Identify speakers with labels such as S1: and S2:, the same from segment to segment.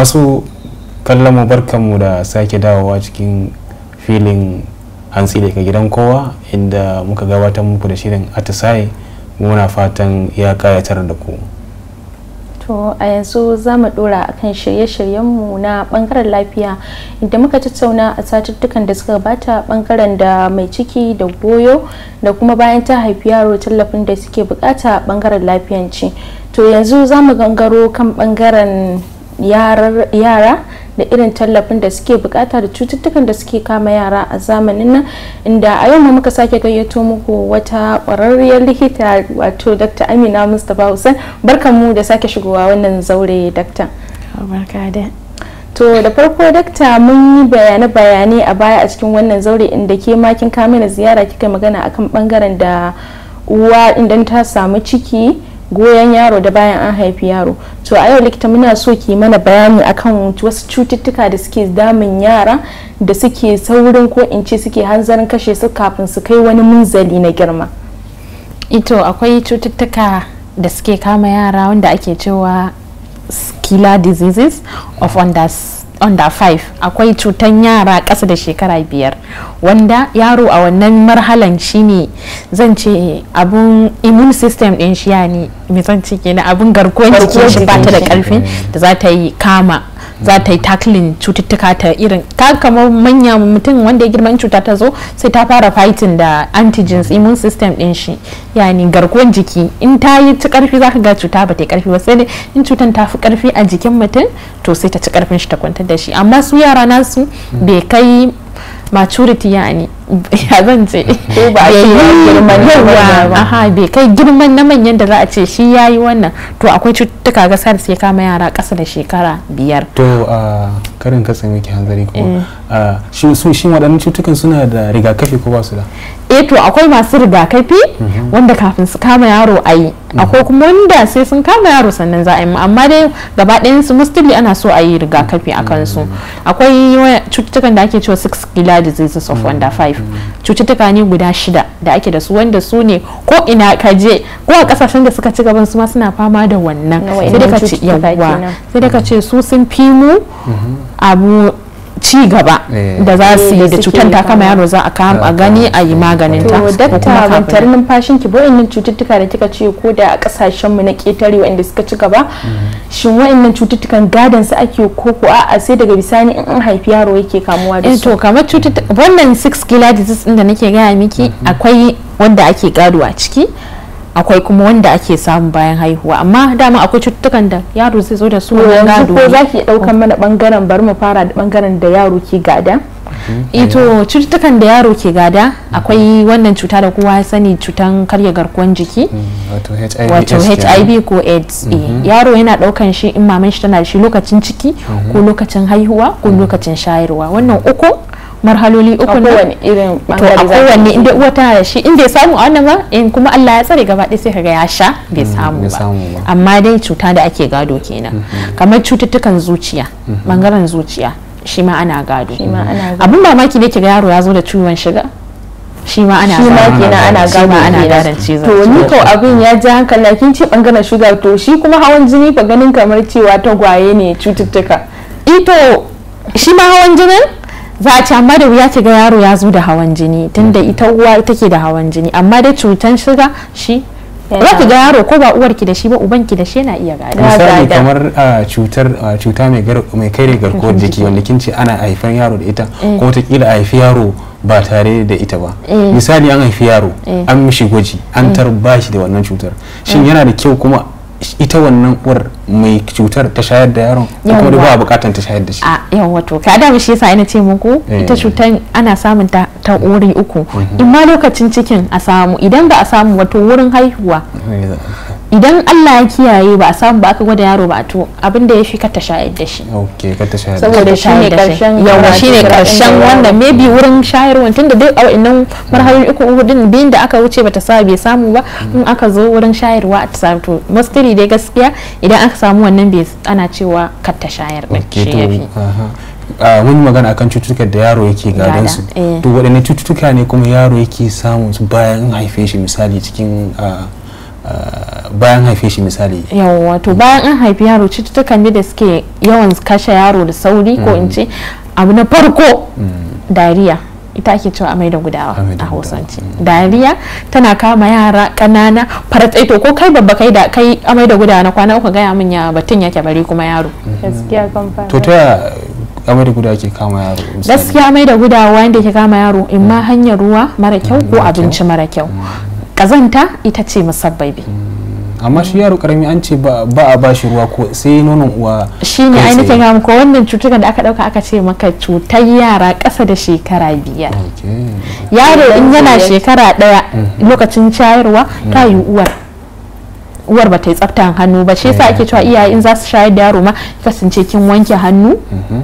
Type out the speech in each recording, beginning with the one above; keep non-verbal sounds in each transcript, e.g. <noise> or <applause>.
S1: masu kallon mu barkanmu da sake dawowa cikin filin hantsi daga gidan kowa inda muka gabatar muku da shirin atisaye muna fatan ya kayatar da ku
S2: to a yanzu za mu dora akan shirye-shiryenmu na bangaren lafiya inda muka tattauna a satuttukan da suka gabata bangaren da mai ciki da goyo da kuma bayan ta haifi yaro tallafin da suke bukata bangaren lafiyanci to yanzu za mu gangaro kan bangaren yara da irin tallafin da suke bukata da cututtukan da suke kama yara a zamanin nan inda a yau ma muka sake gayyato muku wata kwararriyar likita wato dr amina mustapha hussein mu da sake shigowa wannan zaure dakta to da farko dakta mun yi bayane-bayane a baya a cikin wannan zaure inda ke makin kamina ziyara kika magana akan bangaren da uwa idan ta samu ciki goyon yaro da bayan an haifi yaro to a yau likita muna so ki mana bayani akan wasu cututtuka da suke damun yara da suke saurin ko in ce suke hanzarin kashe su kafin su kai wani munzali na girma ito akwai cututtuka da suke kama yara wanda ake cewa killer diseases of unders under 5 akwai cutan yara ƙasa da shekara biyar wanda yaro a wannan marhalan shi ne zan ce abun immune system din shi ne mai zan ce kenan abun garkuwar jikin shi ba ta da karfi da za ta yi kama za ta yi tackling cututtuka ta irin ta kamar manya mutum wanda ya girma in cuta ta zo sai ta fara fighting da antigens immune system din shi yani garkuwar jiki in ta yi ci karfi zaka ga cuta ba ta yi karfi ba sai dai in cutan ta fi karfi a jikin mutum to sai ta ci karfin shi ta kwantar da shi amma su yara nasu bai kai maturity yani <laughs> ya zan ce ko ba yi girman yawa aha bai kai girman na manyan da za a ce shi ya yi wannan to akwai cututtuka ga SARS ya kama yara ƙasa da shekara
S1: biyar to a karin katsin miki hanzari ko eh. shi shi waɗannan cutukan suna da rigakafi ko ba su da eh to akwai masu rigakafi mhm. wanda kafin su kama yaro a yi
S2: mhm. akwai kuma wanda sai sun kama yaro sannan za a yi amma dai gaba ɗayan su mustili ana so a yi rigakafi a kansu mm. akwai cututtukan da ake cewa six killer diseases of mm. under five cututtuka ne guda shida da ake da su wanda su ne ko ina ka je ko a kasashen da suka ci gaban su ma suna fama da wannan sai da ka ce su sun fi mu mm-hmm. abu ci gaba eh. da za su yi da eh, cutar ta kama yaro za a kama a gani a yi ah, maganin ta to dakta ban numfashin ki nan cututtuka da kika ce ko da a kasashen mu na ketare wanda suka ci gaba mm. shin nan cututtukan gadon su ake ko ko a'a sai daga bisani in an haifi yaro yake kamuwa da eh, su to kamar cututtuka wannan six killer disease din da nake gaya miki mm-hmm. akwai wanda ake gado a ciki akwai kuma wanda ake samu bayan haihuwa amma dama akwai cututtukan da yaro zai zo da su wannan gado ko zaki daukan mana bangaren bari mu fara da bangaren da yaro ke gada ito mm-hmm. eh cututtukan da yaro ke gada mm-hmm. akwai wannan cuta da kowa ya sani cutan karya garkuwan jiki
S1: mm, wato hiv
S2: ko aids eh. mm-hmm. yaro yana daukan shi in maman shi tana shi lokacin ciki ko lokacin haihuwa ko lokacin shayarwa wannan uku marhaloli uku ne irin to a kowanne inda uwa tana da shi inda ya samu a wannan ba in kuma Allah ya tsare gaba ɗaya sai kaga ya sha bai mm, samu ba amma dai cuta da ake gado kenan mm-hmm. kamar cututtukan zuciya mm-hmm. bangaren zuciya shi ma ana gado abun mamaki ne kiga yaro ya zo da ciwon shiga shi ma ana shi ma kenan ana gado ana gadon cizon to ni to abin ya ji hankali kin ce bangaren shuga to shi kuma hawan jini ka ganin kamar cewa tagwaye ne cututtuka ito shi ma hawan jinin za a ci amma da wuya ki ga yaro ya zo da hawan jini tunda mm-hmm. ita uwa ita ke da hawan jini amma da cutan shiga shi za ki ga yaro ko ba uwar ki da shi ba uban ki da shi yana iya gada misali kamar
S1: cutar cuta mai kai da garkuwar jiki wanda kin ce ana haifar yaro da ita eh. ko wataƙila a haifi yaro ba tare da ita ba eh. misali an haifi yaro eh. an mishi gwaji an tarbashi da wannan cutar shin yana da kyau kuma ita wannan uwar mai cutar ta shayar da yaron kuma ba bukatan ta shayar da shi
S2: a wato ka da shi yasa ina ce muku eh. ita cutar ana samun ta ta uri uku mhm. in ma lokacin cikin a samu idan ba a samu wato wurin haihuwa eh. idan Allah ya kiyaye ba a samu ba aka gwada yaro ba to abin da ya fi kata shayar da shi
S1: saboda shi ne karshen yawa shi ne karshen wanda maybe
S2: wurin shayarwa tun da duk a wa'annan marhalin uku hudun biyun da aka wuce bata sa bai samu ba in aka zo wurin shayarwa a samu to mastiri dai gaskiya idan aka samu wannan bai ana cewa kata shayar da shi ya fi
S1: mun magana akan cututtukan da yaro yake gadon su eh. to waɗanne cututtuka ne kuma yaro yake samun su bayan haife shi misali cikin ah, bayan haife shi misali
S2: yawa to bayan an haifi yaro cututtukan da suke yawan kashe yaro da sauri ko in mm. ce abu na farko mm. dariya ita ake cewa amai da gudawa a hausance mm. dariya tana kama yara kanana faratsai to ko kai babba kai da kai amai da gudawa na kwana uku gaya min ya batun yake bari kuma yaro mm-hmm. to
S1: ta amai da gudawa ke kama yaro gaskiya
S2: amai da gudawa wanda ke kama yaro in ma hanyar ruwa mara kyau ko abinci mara kyau kazanta ita ce musabbabi mm.
S1: amma shi yaro karami an ce ba a bashi ruwa ko sai nonon uwa shi ne ainihin
S2: ko wannan cutuka da aka dauka aka ce maka cutar yara ƙasa da shekara biyar yaro in yana shekara daya mhm. lokacin shayarwa mhm. ta yi uwar uwar ba ta yi tsaftan hannu ba shi yasa ake eh. cewa iyaye in za su shayar da yaro ma kasance kin wanke hannu mhm.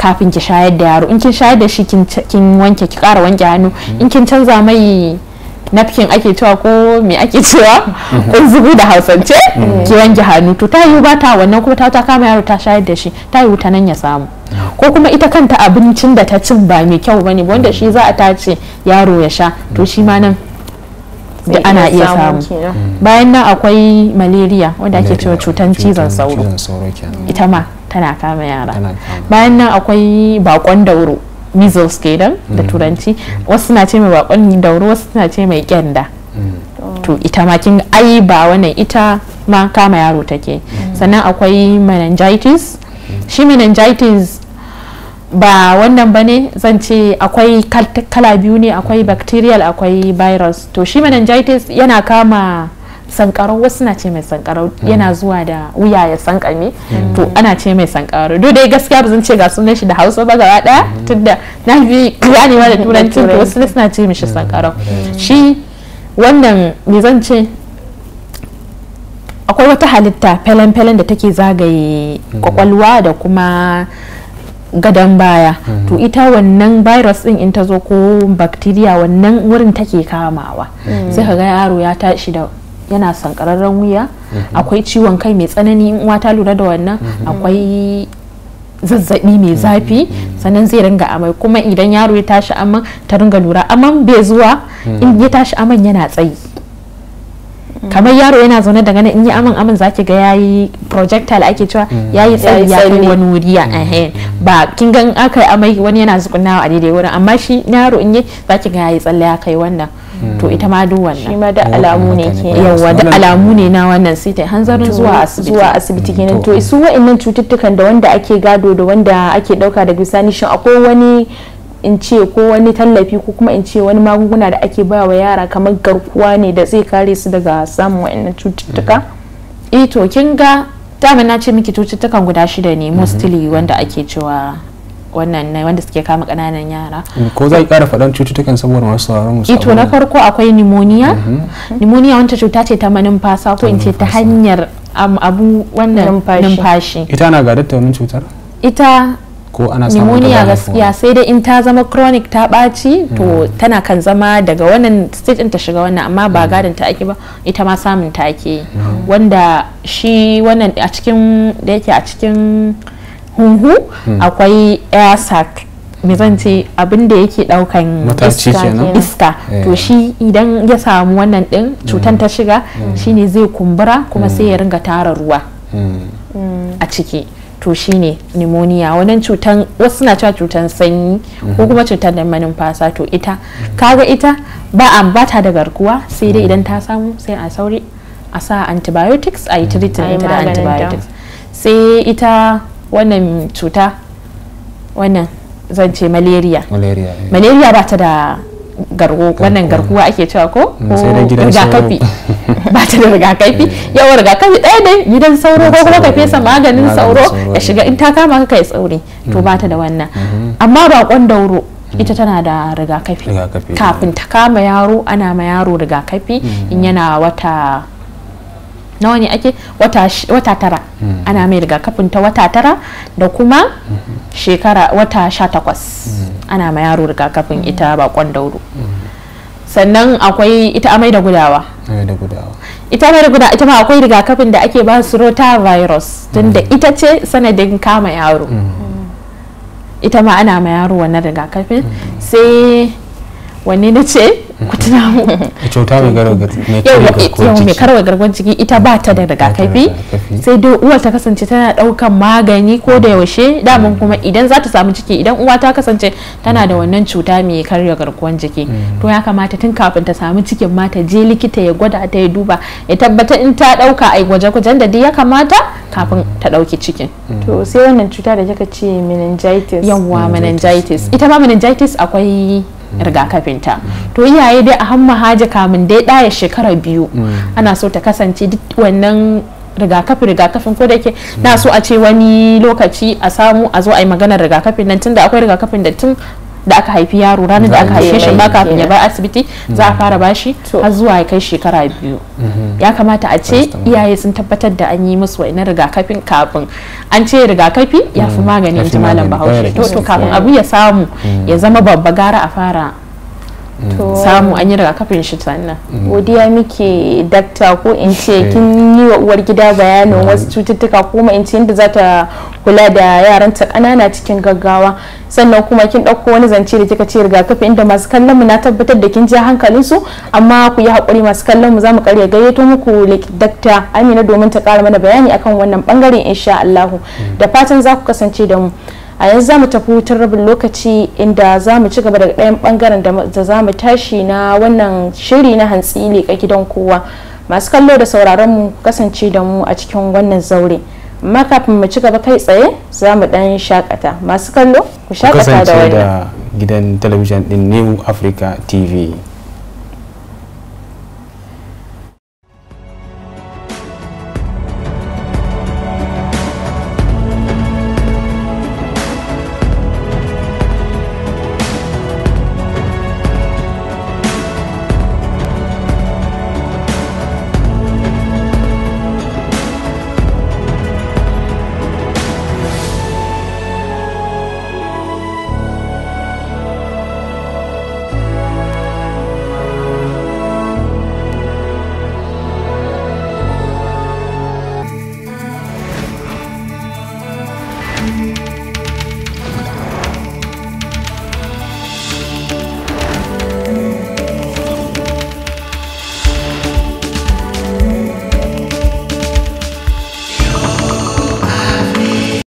S2: kafin ki shayar da yaro in kin shayar da shi kin wanke ki kara wanke hannu in kin canza mai napkin ake cewa ko me ake cewa mhm. kun zubu da hausance mhm. ki wanke hannu to ta yiwu bata wannan ko ta ta kama yaro ta shayar da shi ta yiwu ta nan ya samu ko kuma ita kanta abincin da ta cin ba mai kyau bane wanda shi za a tace yaro ya sha to shi ma nan da ana iya samu mm. bayan nan akwai malaria wanda ake cewa cutan cizon sauro ita ma tana kama yara bayan nan akwai bakon dauro measles kenan da turanci wasu na ce mai bakon dauro wasu na ce mai kyanda mm. to ita ma kin ai ba wannan ita ma kama yaro take mm. sannan akwai meningitis mm. shi meningitis ba wannan bane zan ce akwai kala biyu ne akwai bacterial akwai virus to shi meningitis yana kama sankarau wasu na ce mai sankarau yana mm. zuwa da wuya ya sankame mm. to ana ce mai sankarau duk dai gaskiya ba zan ce ga sunan shi da hausa ba gaba daya mm. tunda na bi ganewa da turanci to wasu suna ce mishi sankarau shi wannan me zan ce akwai wata halitta felen-felen da take zagaye kwakwalwa da kuma gadon baya to ita wannan virus din in ta zo ko bacteria wannan wurin take kamawa sai ka ga yaro ya tashi da yana sankararren wuya mhm. akwai ciwon kai mai tsanani in uwa ta lura da wannan mhm. akwai zazzabi mai mhm. zafi sannan zai ringa amai kuma idan yaro ya tashi aman ta ringa lura aman bai zuwa in ya tashi aman yana tsayi mm. kamar yaro yana zaune daga nan in yi aman aman zaki ga yayi projectile ake cewa mm. yayi tsayi ya kai wani wuri a mm. ba kin gan aka amai wani yana zukunawa a daidai wurin amma shi yaro in yi zaki ga yayi tsalle ya kai wannan to ita ma duk wannan shi ma da alamu ne ke yawa da alamu ne na wannan sai ta hanzarin zuwa asibiti zuwa asibiti kenan mm, to su wa'annan cututtukan da wanda ake gado da wanda ake dauka da bisani shin akwai wani in ce ko wani tallafi ko kuma in ce wani magunguna da ake ba wa yara kamar garkuwa ne da zai kare su daga samun wa'annan cututtuka mm. eh to kin ga dama na ce miki cututtukan guda shida ne mostly mm-hmm. wanda ake cewa wannan na wanda suke kama kananan yara
S1: mm, ko zai kara faɗan cututtukan saboda masu sauraron musamman ito na
S2: farko akwai pneumonia mhm. pneumonia wanda cuta ce ta manumfasa ko in ce ta hanyar abu wannan numfashi
S1: ita na gadar ta wannan cutar ita ko ana samun pneumonia gaskiya
S2: sai dai in ta zama chronic ta ɓaci to mm. tana kan zama daga wannan stage ta shiga wannan amma ba mm. gadon ta ake ba ita ma samun ta ake wanda shi wannan a cikin da yake a cikin huhu hmm. akwai air sac me zan ce abin yake daukan iska eh. to shi idan ya samu wannan din hmm. cutan ta shiga hmm. shine zai kumbura kuma sai ya ringa tara ruwa a ciki to shine pneumonia wannan cutan wasu na cewa cutan sanyi ko kuma cutar da manumfasa to ita kaga ita ba a bata da garkuwa sai dai idan ta samu sai a sauri a sa antibiotics a yi treatment da antibiotics sai ita wannan cuta wannan zan ce malaria malaria eh. ba ta da gargo wannan garkuwa ake cewa ko mm, rigakafi <laughs> ba ta da rigakafi eh. yawa rigakafi ɗaya ne gidan sauro ko kuma ka fesa eh. maganin sauro ya shiga in ta kama ka kai tsauri to mm. ba ta da wannan mm-hmm. amma bakon dauro mm. ita tana da rigakafi kafin ta kama yaro ana ma yaro rigakafi mm-hmm. in yana wata nawa ne ake wata tara mm-hmm. ana mai rigakafin ta wata tara da kuma mm-hmm. shekara wata sha takwas mm-hmm. ana ma yaro rigakafin ita bakon dauro sannan akwai ita amai da gudawa ita amai da gudawa ita ma akwai rigakafin da ake ba su rotavirus tunda ita ce sanadin kama yaro ita ma ana ma yaro wannan rigakafin sai wani na ce ku tuna mu
S1: cuta mai karawar
S2: garkuwar jiki ita ba ta da rigakafi sai dai uwar ta kasance tana daukan magani ko da mm. yaushe daman mm. kuma idan za ta samu ciki idan uwa ta kasance tana da mm. wannan cuta mai karya garkuwar jiki to ya kamata tun kafin ta samu cikin ma ta je likita ya gwada ta ya duba ya tabbatar in ta dauka ai gwaje-gwajen da ya kamata kafin ta dauki cikin to sai wannan cuta da kika ce meningitis yawwa meningitis ita ma meningitis akwai Mm. rigakafinta to iyaye dai a hamma haja kamun dai ɗaya shekara biyu mm. ana so ta kasance duk wannan rigakafi rigakafin ko da ke na so a ce wani lokaci a samu a zo a yi maganar rigakafin nan da akwai rigakafin da tun da aka haifi yaro ranar da aka haife shi ba kafin ya bar asibiti za a fara bashi har zuwa ya kai shekara biyu mhm. ya kamata a ce iyaye sun tabbatar da an yi musu wa'ina rigakafin kafin an ce rigakafi ya fi mhm. maganin in bahaushe to kafin abu ya samu mhm. ya zama babba gara a fara Mm. samu an yi rigakafin shi sannan mm. godiya muke dakta ko in ce kin yi wa uwar gida bayanin mm. wasu cututtuka kuma in ce yadda za ta kula da yaranta ƙanana cikin gaggawa sannan kuma kin ɗauko wani zance da kika ce rigakafi inda masu kallon mu na tabbatar da kin ji hankalin su amma ku yi haƙuri masu kallon mu za mu ƙarya gayyato muku dakta amina domin ta ƙara mana bayani akan wannan ɓangaren insha allahu da fatan za ku kasance da mu a yanzu za mu tafi wutar rabin lokaci inda mu ci gaba daga ɗayan bangaren da za mu tashi na wannan shiri na hantsi leƙa gidan kowa masu kallo da sauraron mu kasance da mu a cikin wannan zaure amma kafin mu ci gaba kai tsaye za mu dan shakata masu kallo ku shakata da wani
S1: gidan talabijin din new africa tv